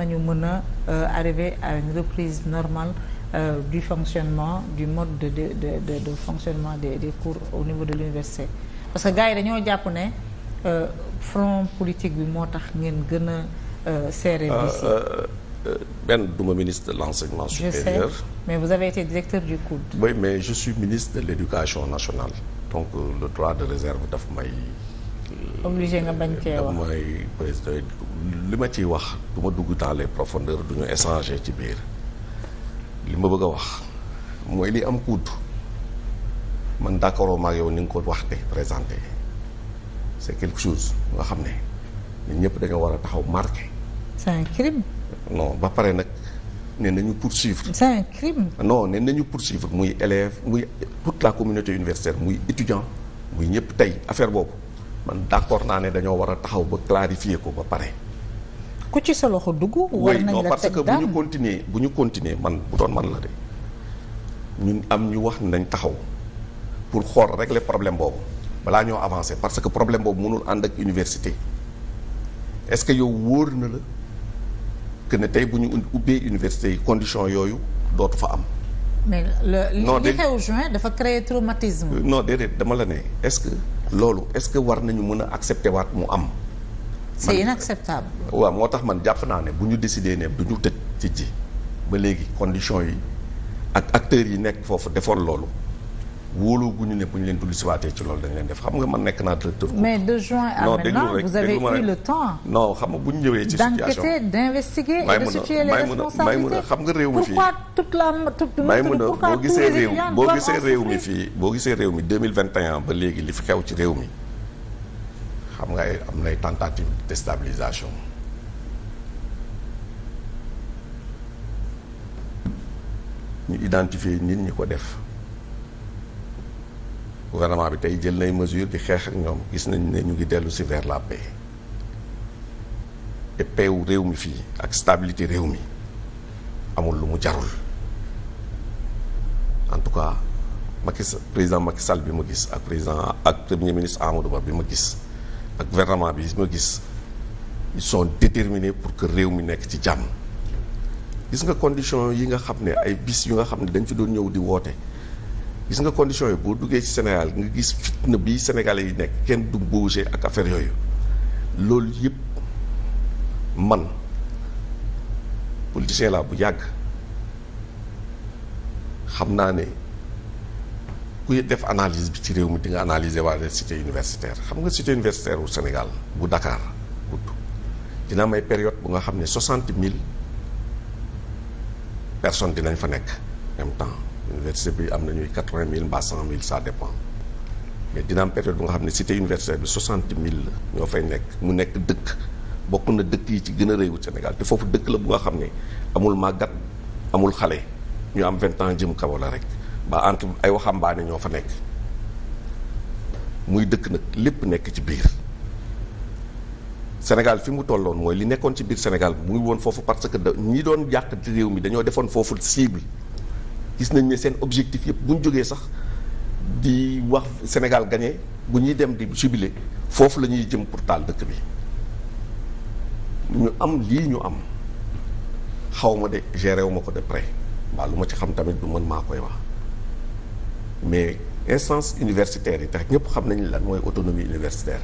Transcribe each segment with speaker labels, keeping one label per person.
Speaker 1: nañu mën a euh, arriver à une reprise normale euh, du fonctionnement du mode de de de de, de fonctionnement des des cours au niveau de l'université parce que gars dañoo jàpp ne euh, front politique bi moo tax ngeen gën a euh, serré bis ah,
Speaker 2: benn duma ministre de l'enseignement supérieur.
Speaker 1: mais vous avez été directeur du COUD.
Speaker 2: Oui, mais je suis ministre de l'éducation nationale donc le droit de réserve daf may
Speaker 1: obligé nga bañ cee wax
Speaker 2: mooy président li ma ciy wax du ma dugg dans les profondeurs du ñu échanger ci biir li ma bëgg a wax mooy li am kuut man d'accord maag yow ni nga ko wax te présenté c'est quelque chose nga xam ne ñun ñëpp dañoo war a taxaw marqué.
Speaker 1: c'est un
Speaker 2: non ba pare nag nee nañu poursuivre. c'est un crime. non nee nañu poursuivre muy élève muy toute la communauté universitaire muy étudiant muy ñëpp tey affaire boobu. man d'accord naa ne dañoo war a taxaw ba clarifier ko ba pare.
Speaker 1: ku ci sa loxo dugg. war nañ la parce que bu ñu
Speaker 2: continuer bu ñu continuer man bu man la de ñun am ñu wax dañ taxaw pour xool régler problème boobu balaa ñoo avancer parce que problème boobu mënul ànd ak est-ce que yow wóor na la que ne tey bu ñu ubbee université yi condition yooyu dootu fa am.
Speaker 1: mais le li dafa créer traumatisme.
Speaker 2: non déedéet dama la ne est-ce que. loolu est-ce que war nañu mën a accepter waat mu am. c'est
Speaker 1: inacceptable.
Speaker 2: waaw moo tax man jàpp naa ne bu ñu décidé ne du ñu tëj ci ji ba léegi condition yi ak acteurs yi nekk foofu defoon loolu. wóoloo gu ñu ne bu ñu leen tudd si ci loolu dañ leen def xam nga man nekk naa directeur.
Speaker 1: mais de juin à maintenant vous avez eu le temps.
Speaker 2: non xam nga bu ñu jëwee ci situation d'enquêter
Speaker 1: d'investiguer et de situer les responsabilités xam nga réew mi fii pourquoi la toute may mën a gisee réew boo gisee réew mi
Speaker 2: fii boo gisee réew mi 2021 ba léegi li fi xew ci rew mi xam nga ay am nay tentative de déstabilisation ñu identifier nit ñi ko def gouvernement bi tey jël nay mesure di xeex ak ñoom gis nañ ne ñu ngi dellu si vers la paix te wu réew mi fii ak stabilité réew mi amul lu mu jarul en tout cas Macky président Macky Sall bi ma gis ak président ak premier ministre Amadou Ba bi ma gis ak gouvernement bi ma gis ils sont déterminés pour que réew mi nekk ci jàmm gis nga condition yi nga xam ne ay bis yu nga xam ne dañ fi doon ñëw di woote gis nga condition yi boo duggee ci Sénégal nga gis fitna bi Sénégalais yi nekk kenn du bougé ak affaire yooyu loolu yëpp man politicien laa bu yàgg xam naa ni kuy def analyse bi ci réew mi di nga analyser waa cité universitaire xam nga cité universitaire wu Sénégal bu Dakar gudd dina am ay période bu nga xam ne soixante mille personne dinañ fa nekk temps université bi am na ñuy quatre vingt mille mbaa cent mille ça dépend mais dina am période bu nga xam ne cité universitaire bi soixante mille la ñoo fay nekk mu nekk dëkk bokk na dëkk yi ci gën a réewu senegal te foofu dëkk la bu nga xam ne amul màggat amul xale ñu am vingt ans jëm kaw la rek ba entre ay waxambaane ñoo fa nekk muy dëkk nag lépp nekk ci biir Sénégal fi mu tolloon mooy li nekkoon ci biir Sénégal muy woon foofu parce que da ñi doon yàq ci réew mi dañoo defoon foofu cible gis nañ ne seen objectif yëpp bu ñu jógee sax di wax Sénégal gagné bu ñuy dem di jubilé foofu la ñuy jëm pour taal dëkk bi ñu am lii ñu am xaw ma de géré wu ko de près mbaa lu ma ci xam tamit du mën maa koy wax mais instance universitaire yi tax ñëpp xam nañ lan mooy autonomie universitaire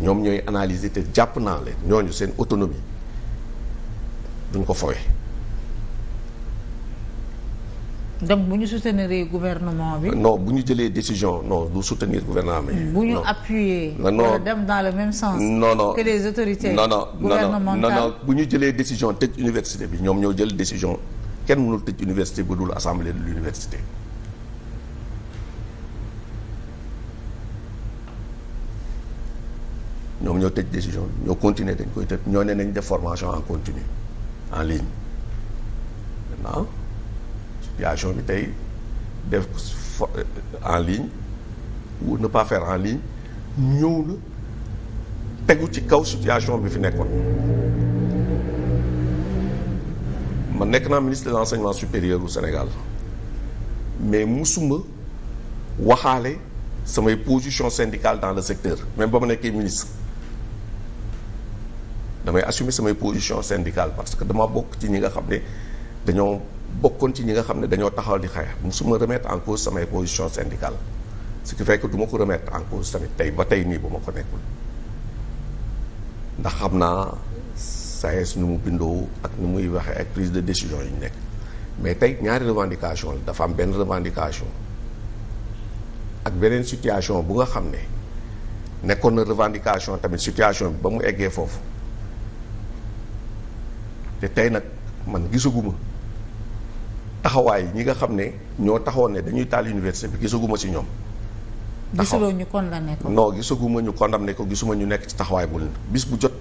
Speaker 2: ñoom ñooy analyser te jàpp naa leen ñooñu seen autonomie duñ ko fowee
Speaker 1: donc bu ñu soutenir gouvernement bi. non
Speaker 2: bu ñu jëlee décision non du soutenir gouvernement bi. bu ñu
Speaker 1: appuyer. non dem dans le même sens. non non que les autorités. non non non non
Speaker 2: bu ñu jëlee décision tëj université bi ñoom ñoo jël décision kenn mënul tëj université bu dul assemblée de l'université. ñoom ñoo tëj décision bi ñoo continuer dañ koy tëj ñoo ne nañ def formation en continuer en ligne maintenant. situation bi tey def euh, en ligne ou ne pas faire en ligne ñëw na tegu ci kaw situation bi fi nekkoon man nekk naa ministre de l'enseignement supérieur au Sénégal mais musuma waxaale samay position syndicale dans le secteur même ba ma nekkee ministre damay assumer samay position syndicale parce que dama bokk ci ñi nga xam ne dañoo bokkoon ci ñi nga xam ne dañoo taxaw di xeex suma remettre en cause samay position syndicale ce qui fait que du ma ko remettre en cause tamit tey ba tey nii bu ma ko nekkul ndax xam naa SAES e nu mu bindoo ak nu muy waxee ak prise de décision yi ñu nekk mais tey ñaari revendication la dafa am benn revendication ak beneen situation bu nga xam ne nekkoon na revendication tamit situation bi ba mu eggee foofu te tey nag man gisaguma taxawaay ñi nga xam ne ñoo taxoon ne dañuy taal université bi gisaguma ci ñoom.
Speaker 1: gisuloo ñu condamné ko non
Speaker 2: gisaguma ñu condamné ko gisuma ñu nekk ci taxawaay bu bis bu jot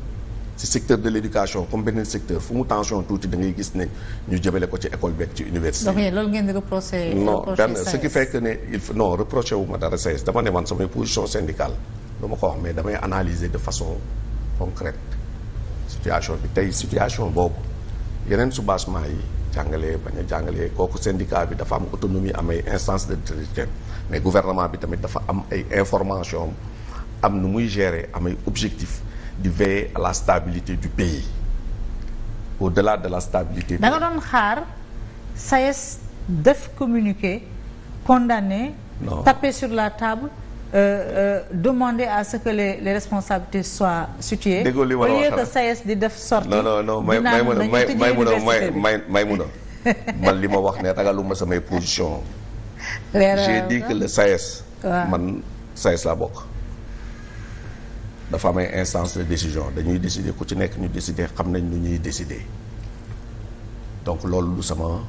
Speaker 2: ci secteur de l'éducation comme beneen secteur fu mu tension tuuti da ngay gis ne ñu jëmale ko ci école beeg ci université. donc
Speaker 1: loolu ngeen di reproché. non benn ce
Speaker 2: ne il non reproché wu ma dara SAES dama ne man samay position syndicale lu ma ko wax mais damay analyser de façon concrète situation bi tey situation boobu yeneen soubassement yi. jàngale bañ a jàngalee kooku syndicat bi dafa am autonomie am ay instance de directeur mais gouvernement bi tamit dafa am ay information am nu muy gérer am ay objectif di veiller à la stabilité du pays au-delà de la stabilité. danga
Speaker 1: nga doon xaar SAES e def communiqué condamné. non taper sur la table. Euh, euh, à ce que les, les responsabilités soient situées. déggoo li ma la wax au di def sortie. non non non may may mun
Speaker 2: may mun man li ma wax ne ragaluma samay position
Speaker 1: j'ai dit que le SAES. man
Speaker 2: SAES laa bokk. dafa am ay instance de décision dañuy décider ku ci nekk ñu décider xam nañ lu ñuy décider donc loolu sama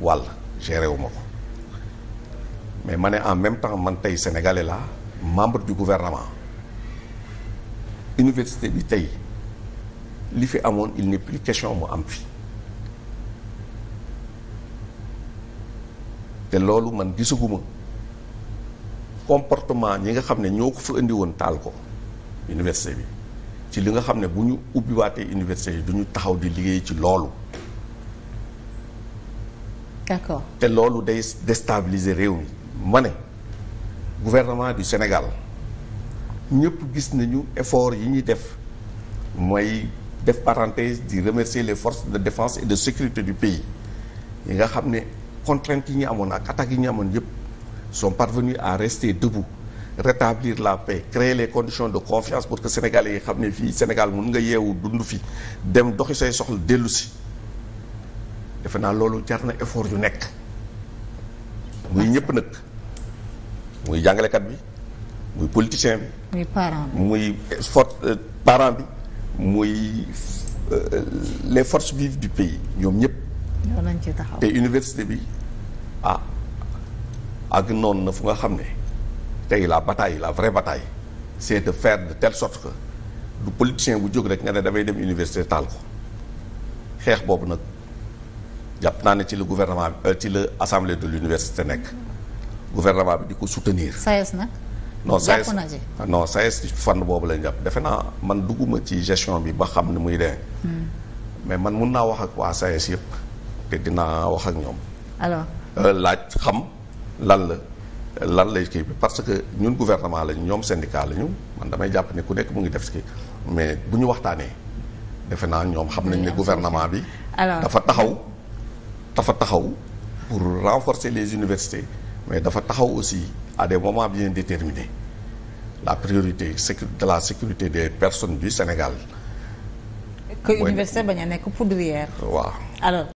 Speaker 2: wàll géré wu ma ko. mais ma ne en même temps man tey sénégalais la membre du gouvernement université bi tey li fi amoon il n'est plus question mu am fi te loolu man gisaguma comportement ñi nga xam ne ñoo ko fa indi woon taal ko université bi ci li nga xam ne bu ñu ubbiwaatee université yi du ñu taxaw di liggéey ci loolu. d'accord te loolu day déstabiliser réew mi. ma ne gouvernement du Sénégal ñëpp gis nañu effort yi ñuy def mooy def parenthèse di remercier les forces de défense et de sécurité du pays yi nga xam ne contraintes yi ñu amoon ak attaques yi ñu amoon yëpp sont parvenus à rester debout rétablir la paix créer les conditions de confiance pour que sénégalais yi xam ne fii Sénégal mun nga yeewu dundu fi dem doxi say soxla dellu si defe naa loolu jar na effort yu nekk muy ñëpp nag muy jàngalekat bi muy politicien
Speaker 1: bi. muy parent
Speaker 2: bi muy for euh, parent bi muy euh, les forces vives du pays ñoom ñëpp.
Speaker 1: nañ ci te
Speaker 2: université bi ah ak noonu na fu nga xam ne tey la bataille la vraie bataay c'est de fair de telle sorte que du politicien bu jóg rek nga ne damay dem université taal ko xeex boobu nag jàpp naa ne ci la gouvernement euh, ci la assemblée de l'université nekk. gouvernement bi di ko soutenir. SAES nag. non SAES non SAES ci fànn boobu lañ jàpp defe naa man dugguma ci gestion bi ba xam ni muy demee. Hmm. mais man mun naa wax ak waa SAES yëpp te dinaa wax ak ñoom. alors euh, laaj xam lan la. lan lay kii bi parce que ñun gouvernement lañ ñoom syndicat lañu man damay jàpp ne ku nekk mu ngi def si mais bu ñu waxtaanee defe naa ñoom xam nañ ne gouvernement bi. dafa taxaw dafa taxaw pour renforcer les universités. mais dafa taxaw aussi à des moments bien déterminés la priorité de la sécurité des personne du Sénégal.
Speaker 1: que université bañ a nekk poudrière. waaw alors.